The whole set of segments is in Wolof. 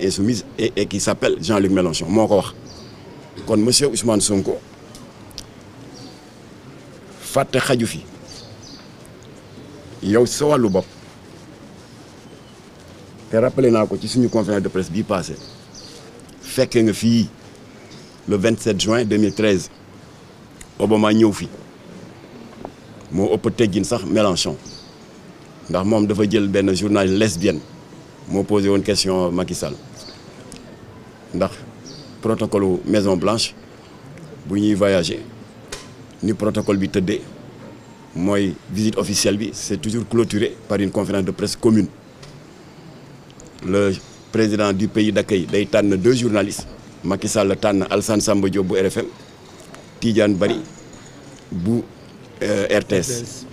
et Soumise et, et qui s'appelle Jean-Luc Mélenchon moo ko wax kon monsieur Ousmane Sonko fàtte xaju fi yow sa wàllu bopp te rappelé naa ko ci suñu conférence de presse bi passé fekke nga fii le 27 juin 2013 Obama ñëw fi moo ëpp teggin sax Mélenchon ndax moom dafa jël benn journal lesbienne moo posé woon question Macky Sall ndax protocole Maison Blanche bu ñuy voyager ni protocole bi tëddee mooy visite officielle bi c'est toujours clôturé par une conférence de presse commune le président du pays d'accueil day tànn deux journalistes Macky Sall tànn Alassane Samba Diop bu RFM Tidiane Bari bu euh, RTS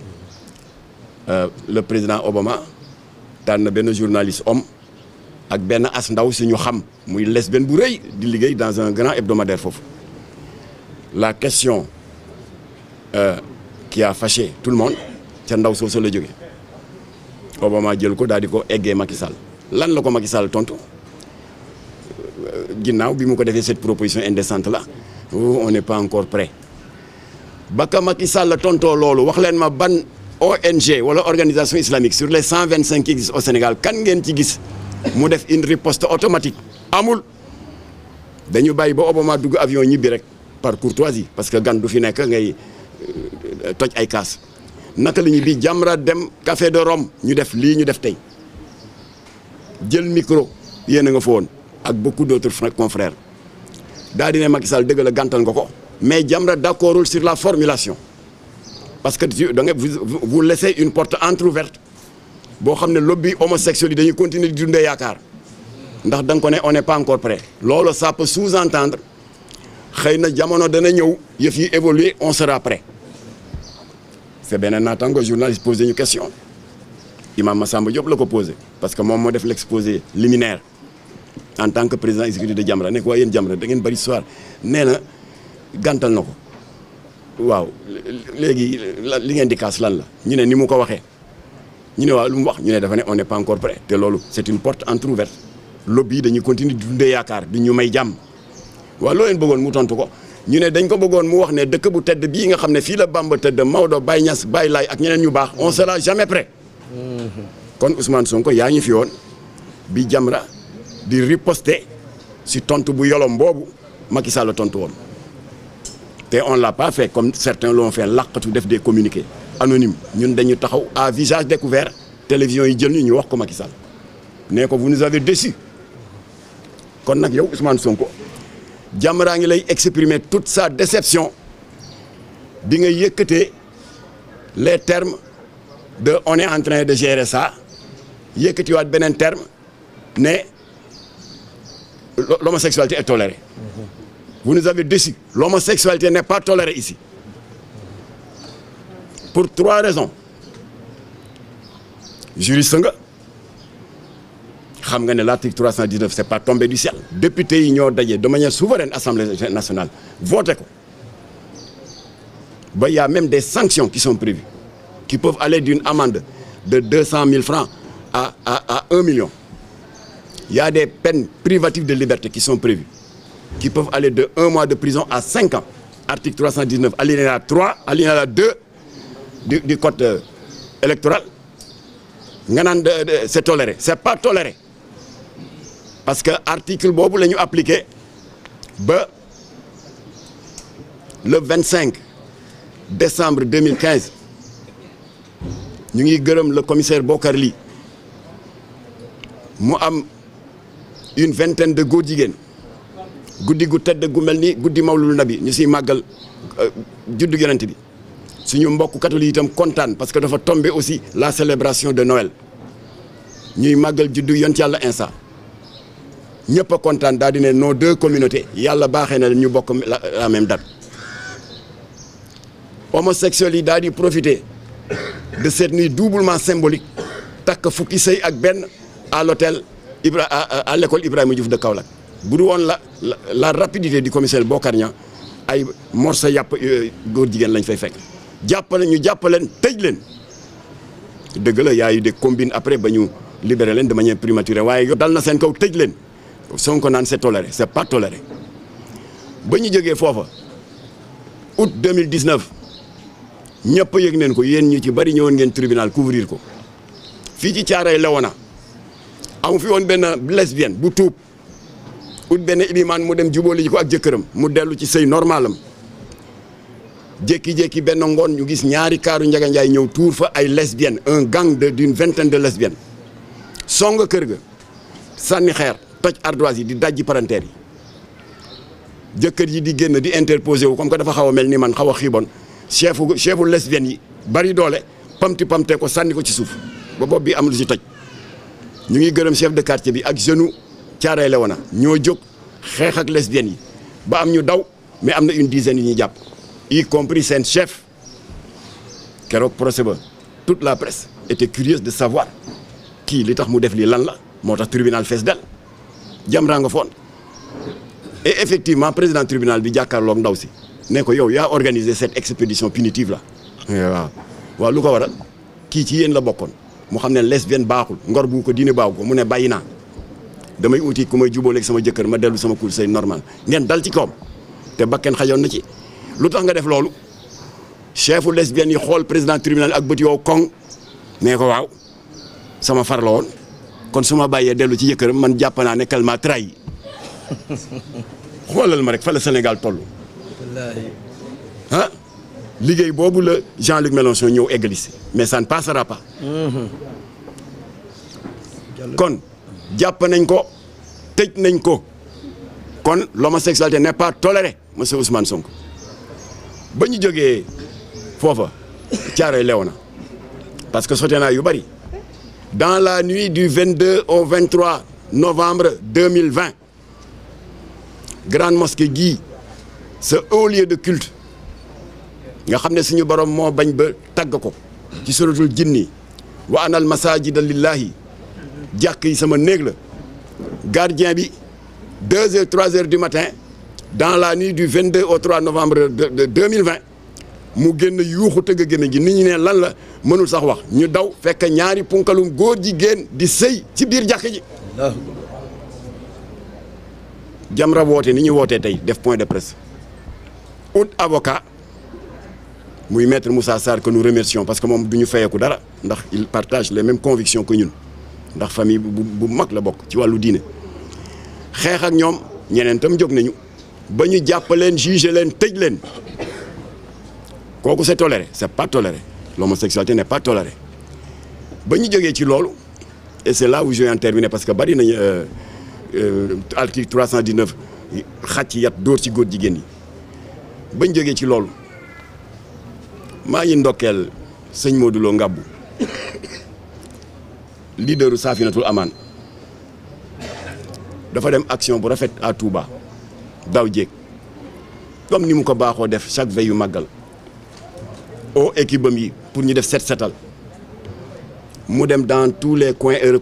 euh, le président Obama tànn benn journaliste homme ak benn as ndaw si ñu xam muy lesbienne bu rëy di liggéey dans un grand hebdomadaire foofu la question euh, qui a fâché tout le monde ca ndaw soosu la jóge Obama jël ko daal di ko eggee Macky lan la ko Macky Sall tontu euh, ginnaaw bi mu ko defee cette proposition indécente la on n'est pas encore prêt ba ka Macky tontoo loolu wax leen ma ban. ONG wala organisation islamique sur les cent vingt cinq qui existent au Sénégal kan ngeen ci gis mu def une riposte automatique amul dañu bàyyi ba Obama dugg avion ñibbi rek par courtoisie parce que gan du fi nekk ngay euh, toj ay kaas naka la ñu bi Jamra dem Café de Rome ñu def lii ñu def tey jël micro yéen a nga fa woon ak beaucoup d'autres confrères daal di ne Macky Sall dëgg la gàntal nga ko mais Jamra d'accordul sur la formulation parce que da nga vous vous une porte entrouverte boo xam ne lobby homosexuel yi dañuy continuer di dundee yaakaar ndax da ko ne on n'est pas encore prêt. loolu ça peut sous-entendre xëy na jamono dana ñëw yëf yi évoluer on sera prêt c'est beneen naataango journaliste posé ñu question Imam samba Diop la ko posé parce que moom moo def l'exposé liminaire en tant que président exécutif de Jamra nekk waa yéen Jamra da ngeen bari soir nee na gàntal na ko. waaw léegi li ngeen di kaas lan la ñu ne ni mu ko waxee ñu ne waaw lu ñu ne dafa ne on n'est pas encore te loolu c'est une porte entrouverte lobby yi dañuy continue di dundee yaakaar du ñu may jàmm waaw loo leen bëggoon mu tontu ko ñu ne dañ ko bëggoon mu wax ne dëkk bu tedd bii nga xam ne fii la Bamba tëdd Maodo Baye Niass bay Laye ak ñeneen ñu baax on sera jamais prêt mm-hmm. kon Ousmane Sonko yaa ñu fi woon bi Jamra di riposter si tont bu yolom boobu Macky Sall la tontu woon te on l'a pas fait comme certains l'ont fait làqatu def des communiqués anonymes ñun dañu taxaw à visage découvert télévision yi jël ñu ñu wax ko Macky Sall nee ko vous nous avez kon nag yow Ousmane Sonko Jamra ngi lay exprimer toute sa déception bi nga yëkkatee les termes de on entrain en train de gérer ça yëkkatiwaat beneen terme ne l'homosexualité est tolérée. vous nous avez déçus. L'homosexualité n'est pas tolérée ici. Pour trois raisons. Juriste nga xam nga ne l'article 319 c'est pas tombé du ciel. député yi ñoo daje de manière souveraine nationale voté ko même des sanctions qui sont prévues qui peuvent aller d'une amende de deux cent mille francs à a des peines privatives de liberté qui sont prévues. qui peuvent aller de un mois de prison à cinq ans article 319 alinéa 3 alinéa 2 du du code euh, électoral nga naan c'est toléré c'est pas toléré parce que article boobu la ñu appliqué ba le 25 décembre 2015 ñu ngi gërëm le commissaire Bokar Ly mu am une vingtaine de góor jigéen guddi gu tedd gu mel ni guddi na bi ñu siy màggal euh, juddu yonent bi suñu mbokk catholique itam kontaan parce que dafa tombé aussi la célébration de Noël ñuy màggal juddu yonent yàlla instant ñëpp kontaan daal di ne nos deux communautés yàlla baaxee na ñu bokk la même date homosexuels yi daal di profiter de cette nuit doublement symbolique takk fukki sëy ak benn à l'hôtel Ibra à l'école Ibrahima Diouf de Kaolack bu du woon la la rapidité du commissaire Bocar Niang ay morsa yàpp euh, góor jigéen lañ fay fekk jàppale ñu jàppaleen tëj leen dëgg la yaayu de combine après ba ñu libéré leen de manière prématurée waaye dal na seen kaw tëj leen Sonko naan c'est toléré c'est pas toléré ba ñu jógee foofa août 2019 ñëpp yëg neen ko yéen ñu ci bari ñëwoon ngeen tribunal couvrir ko fii ci caaray Léona amu fi woon benn lesbienne bu tuub ut benn ilimaan mu dem jubóole ji ko ak jëkkëram mu dellu ci sëy normalam jékki-jékki benn ngoon ñu gis ñaari kaaru Ndiaga Ndiaye ñëw tuur fa ay lesbiennes un gang de d'une vingtaine de lesbiennes song kër ga sànni xeer toj ardoise yi di dajji paranteer yi jëkkër ji di génn di interposé wu comme que dafa xaw a mel ni man xaw a xiibon chefu chefu lesbiennes yi bari doole pamti pamte ko sànni ko ci suuf ba bopp bi am lu ci toj ñu ngi gërëm chef de quartier bi ak jeune Caaroy Léona ñoo jóg xeex ak lesbiennes yi ba am ñu daw mais am na une dizaine yu ñuy jàpp y compris seen chef keroog procès ba toute la presse était curieuse de savoir kii li tax mu def lii lan la moo tax tribunal fees del Jamra nga foon et effectivement président tribunal bi jàkkaarloog ndaw si ne ko yow yaa organisé cette expédition punitive la waaw lu ko waral kii ci yéen la bokkoon mu xam ne lesbienne baaxul ngor bu ko diine baaxu ko mu ne bàyyi naa damay uti ku may jubóoleeg sama jëkkër ma dellu sama kul say normal ngeen dal ci koom te bakken xajoon na ci lu tax nga def loolu chefu lesbienne yi xool président tribunal ak bët yow koŋ nee ko waaw sama far woon kon su ma bàyyee dellu ci jëkkëram man jàpp naa ne calma trahi xoolal ma rek fa la Sénégal toll. ah liggéey boobu la Jean-Luc Mélenchon ñëw eggali mais ça ne passera mhm. kon. jàpp nañ ko tëj nañ ko kon l'homosexualité n'est pas tolérée monsieur Ousmane Sonko ba ñu jógee foofa caaroy lew na parce que sote naa yu bëri dans la nuit du 22 au 23 novembre 2020 grande mosquée gii ce haut lieu de culte nga xam ne suñu borom moo bañ ba tàgg ko ci suratul jinni wa anal masajida lillahi jàkk yi sama néeg la gardien bi deux heures trois heures du matin dans la nuit du 22 au 3 novembre de 2020 mu génn yuuxu tëgg a gémmiñ gi nit ñi ne lan la mënul sax wax ñu daw fekk ñaari punkalum góor ji génn di sëy ci biir jàkk ji Jamra woote ni ñu wootee tey def point de presse ut avocat muy maître Moussa Sarr ko nu remercions parce que moom du ñu fayeeku dara ndax il partage les mêmes convictions que ñun ndax famille bu bu mag la bokk ci wàllu diine xeex ak ñoom ñeneen tam jóg nañu ba ñu jàpp leen juger leen tëj leen kooku c'est toléré c'est pas toléré l'homosexualité n'est pas tolérée ba ñu jógee ci loolu et c'est là où je vais en terminer parce que bari nañu euh, euh, article 319 xàcc yat dóor ci góor jigéen yi ba ñu jógee ci loolu maa ngi ndokkeel sëñ mooduloo Lo leaderu Saafinatul Amaan dafa dem action bu rafet à Touba daw jéeg comme ni mu ko baaxoo def chaque veille yu màggal au équipe ba yi pour ñu def set setal mu dem dans tous les coins et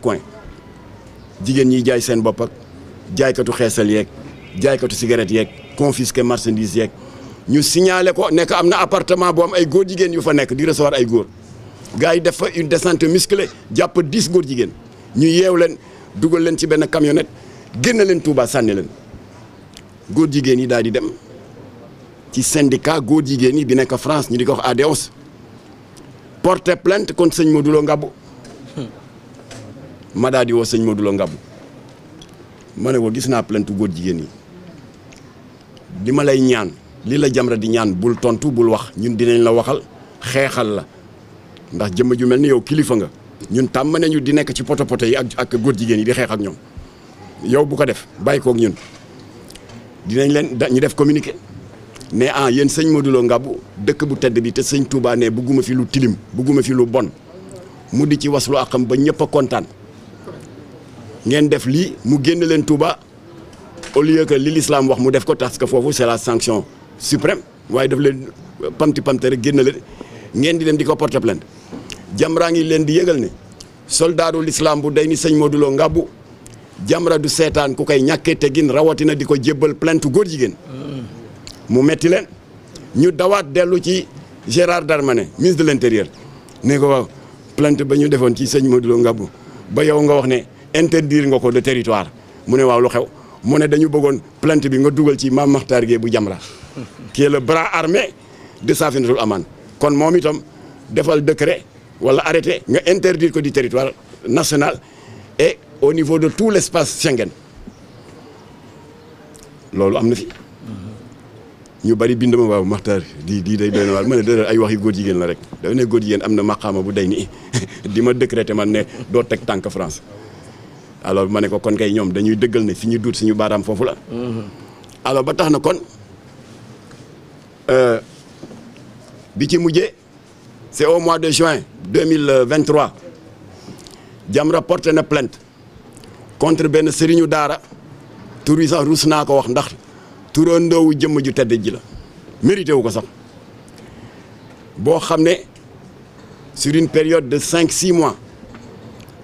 jigéen ñiy jaay seen bopp ak jaaykatu xeesal yeeg jaaykatu cigarette yeeg confisqué marchandise yeeg ñu signalé ko nekk am na appartement bu am ay góor jigéen yu fa nekk di recevoir ay góor. gars yi def fa une descente musclée jàpp 10 góor jigéen ñu yeew leen dugal leen ci benn camionnette génn leen Touba sànni leen góor jigéen yi daal di dem ci syndicat góor jigéen yi bi nekk France ñu di ko wax ADEOS porter plainte contre sëñ Modou Lo Ngabou ma daal woo sëñ Modou Lo Ngabou ma ne ko gis naa plainte góor jigéen yi li ma lay ñaan li la Jamra di ñaan bul tontu bul wax ñun dinañ la waxal xeexal la ndax jëmm ju mel ni yow kilifa nga ñun tàmm nañu di nekk ci poto poto yi ak ak góor jigéen yi di xeex ak ñoom yow bu ko def bàyyi koog ñun dinañ leen ñu def communiqué ne ah yéen sëñ Modou Lo Ngabou dëkk bu tedd bi te sëñ Touba ne bugguma fi lu tilim bugguma fi lu bon mu di ci waslu akam ba ñëpp a kontaan ngeen def lii mu génn leen tuuba au lieu que li l'islam wax mu def ko parce que foofu c'est la sanction suprême waaye daf leen pamti pamte rek génn leen ngeen di dem di ko porter Jamra ngi leen di yëgal ne soldaaru l'islam bu day ni sëñ Modou Lo jambara du seetaan ku koy ñàkkee teggin rawatina di ko jébbal plainte góor jigéen. mu metti leen ñu dawaat dellu ci Gérard ne ministre de l'intérieur ne ko waaw plainte ba ñu defoon ci sëñ Modou Lo ba yow nga wax ne interdire nga ko de territoire mu ne waaw lu xew mu ne dañu bëggoon plainte bi nga dugal ci Mame Makhtar Gueye bu Jamra qui est le bras armé de Safinatul Aman kon moom itam defal décret. wala arrêté nga interdire ko du territoire national et au niveau de tout l'espace Schengen loolu am na fi ñu bari bind ma waaw Maxtaar di di day doy na waar ma ne dara ay wax yu góor jigéen la rek dafa ne góor jigéen am na maqaama bu day nii di ma décrété man ne doo teg tànk France alors ma ne ko kon kay ñoom dañuy dëggal ne fi ñu duut ñu baaraam foofu la. Mm-hmm. alors ba tax na kon euh, bi ci mujjee. c'est au mois de juin 2023 Jamra porté na plainte contre benn sëriñu daara tur yi sax ruus naa ko wax ndax turandoowu jëmm ju tedd ji la mérité wu ko sax boo xam ne sur période de cinq six mois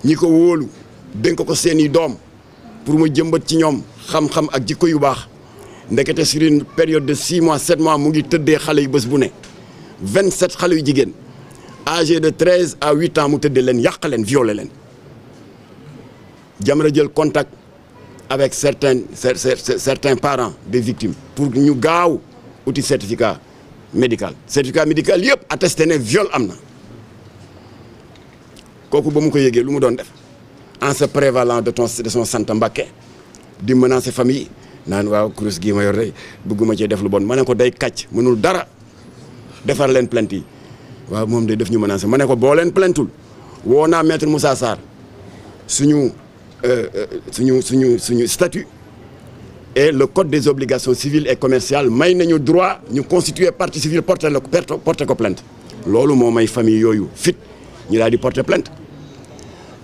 ñi ko wóolu dénk ko seeni doom pour mu jëmbat ci ñoom xam-xam ak jikko yu baax ndekete sur une période de six mois sept mois mu ngi tëddee xale yu bés bu ne vingt sept xale yu jigéen age de treize à huit ans mu tëddee leen yàq leen violé leen jël contact avec certains certains parents des victimes pour ñu gaaw uti certificat médical certificat médical yëpp attesté ne viol am na kooku ba mu ko yëgee lu mu doon def en se prévalant de ton de son sant Mbacké di menacer famille naan waaw kurus gii ma yor de bëgguma cee def lu bon ma ne ko day kàcc mënul dara defar leen plainte waaw moom day def ñu menacé ma ne ko boo leen woo naa maître Moussa Sarr suñu euh, euh, suñu suñu suñu statut et le code des obligations civiles e commerciale may nañu droit ñu constituer partie civile porter la porter ko plainte loolu moo may famille yooyu fit ñu daal di porter plainte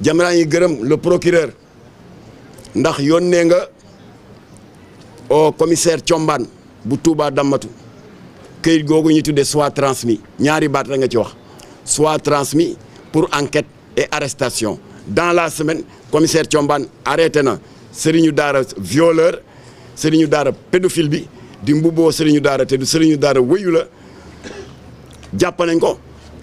Jamra yi gërëm le procureur ndax nee nga o commissaire Thiombane bu Touba Dammatou këyit googu ñu tuddee soit transmis ñaari baat la nga ci wax soit transmis pour enquête et arrestation dans la semaine commissaire Thiombane arrêté na sëriñu daara violeur sëriñu daara pédophile bi di mbubboo sëriñu daara te du sëriñu daara wéyu la jàpp nañ ko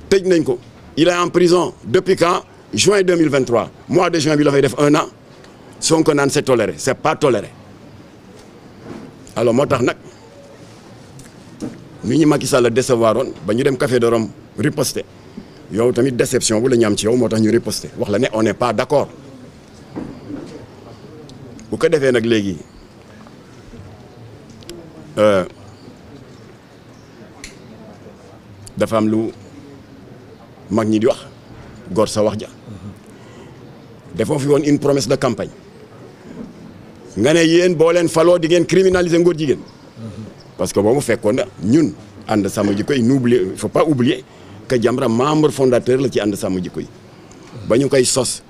tëj nañ ko il est en prison depuis quand juin 2023 mois de juin bi la def un an Sonko naan c'est toléré c'est pas toléré alors moo tax nag mi ñu Macky Sall décevoir oon ba ñu dem Café de Rome riposté yow tamit déception bu la ñu am ci yow moo tax ñu riposté wax la ne on n'est pas d'accord bu ko defee nag léegi euh, dafa am lu mag ñi di wax gor sa wax ja defoo fi woon une promesse de campagne nga ne yéen boo leen faloo di ngeen criminaliser ngóor jigéen parce que boobu fekkoon na ñun ànd sàmm jikko yi n'oublier il faut pas oublier que Jamra membre fondateur la ci ànd sàmm jikko yi ba ñu koy sos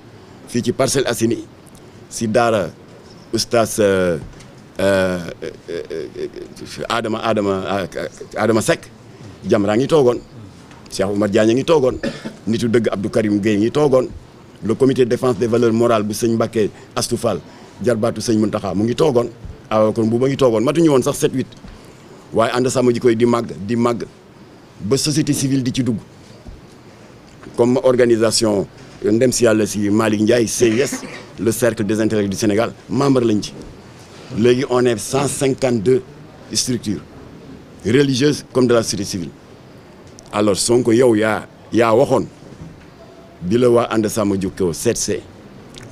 fii ci Parcelles Assainies si daara oustaz euh, euh, euh, Adama Adama Adama Seck Jamra ngi toogoon Cheikh Oumar Diagne ngi toogoon nitu dëgg Abdou Karim Gueye ngi toogoon le comité de défense des valeurs morales bu sëñ Mbacké Astou Fall jarbaatu sëñ Mountakha mu ngi toogoon awa kon bu ba ngi toogoon matuñu woon sax 7 8 waaye ànd sàmm jikko di màgg di màgg ba société civile di ci dugg comme organisation ndem si yàlla si Malick Ndiaye CIS le cercle des intérêts du Sénégal membre lañ ci léegi on est 152 structures religieuses comme de la société civile alors Sonko yow yaa yaa waxoon di la waa ànd sàmm jikko seetsee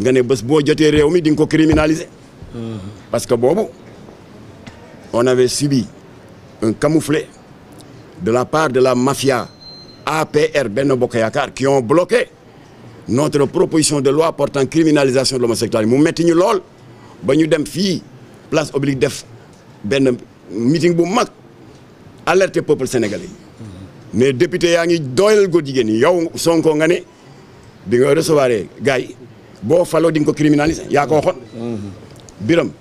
nga ne bés boo jotee réew mi di nga ko criminaliser mm-hmm. parce que boobu on avait subi un camouflet de la part de la mafia APR Benno Bokk Yaakaar qui ont bloqué notre proposition de loi portant criminalisation de l'homosexualité mu metti ñu lool ba ñu dem fii place Obélisque def benn meeting bu mag alerte peuple sénégalais yi mais député yaa ngi dooleel góor jigéen yi yow Sonko nga ne bi nga recevoir gars yi boo faloo di ko criminaliser yaa ko mm-hmm. biram